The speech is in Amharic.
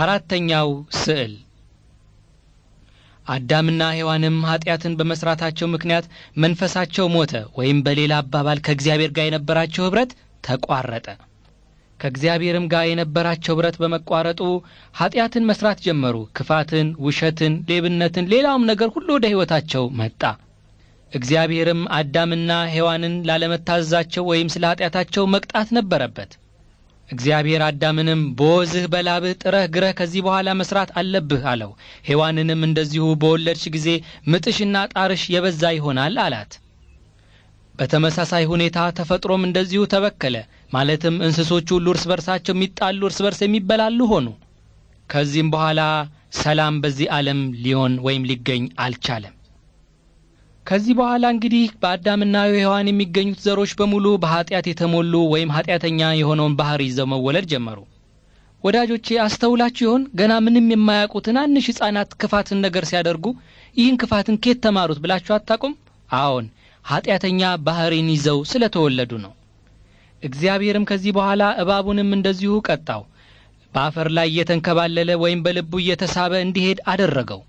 አራተኛው ስዕል አዳምና ሔዋንም ኃጢአትን በመስራታቸው ምክንያት መንፈሳቸው ሞተ ወይም በሌላ አባባል ከእግዚአብሔር ጋር የነበራቸው ኅብረት ተቋረጠ። ከእግዚአብሔርም ጋር የነበራቸው ኅብረት በመቋረጡ ኀጢአትን መስራት ጀመሩ። ክፋትን፣ ውሸትን፣ ሌብነትን፣ ሌላውም ነገር ሁሉ ወደ ሕይወታቸው መጣ። እግዚአብሔርም አዳምና ሔዋንን ላለመታዘዛቸው ወይም ስለ ኀጢአታቸው መቅጣት ነበረበት። እግዚአብሔር አዳምንም በወዝህ በላብህ ጥረህ ግረህ ከዚህ በኋላ መስራት አለብህ አለው። ሔዋንንም እንደዚሁ በወለድሽ ጊዜ ምጥሽና ጣርሽ የበዛ ይሆናል አላት። በተመሳሳይ ሁኔታ ተፈጥሮም እንደዚሁ ተበከለ። ማለትም እንስሶቹ ሁሉ እርስ በርሳቸው የሚጣሉ እርስ በርስ የሚበላሉ ሆኑ። ከዚህም በኋላ ሰላም በዚህ ዓለም ሊሆን ወይም ሊገኝ አልቻለም። ከዚህ በኋላ እንግዲህ በአዳምና ሔዋን የሚገኙት ዘሮች በሙሉ በኃጢአት የተሞሉ ወይም ኃጢአተኛ የሆነውን ባህር ይዘው መወለድ ጀመሩ። ወዳጆቼ አስተውላችሁ ይሆን? ገና ምንም የማያውቁ ትናንሽ ሕፃናት ክፋትን ነገር ሲያደርጉ ይህን ክፋትን ኬት ተማሩት ብላችሁ አታውቁም? አዎን ኃጢአተኛ ባህሪን ይዘው ስለ ተወለዱ ነው። እግዚአብሔርም ከዚህ በኋላ እባቡንም እንደዚሁ ቀጣው፣ በአፈር ላይ እየተንከባለለ ወይም በልቡ እየተሳበ እንዲሄድ አደረገው።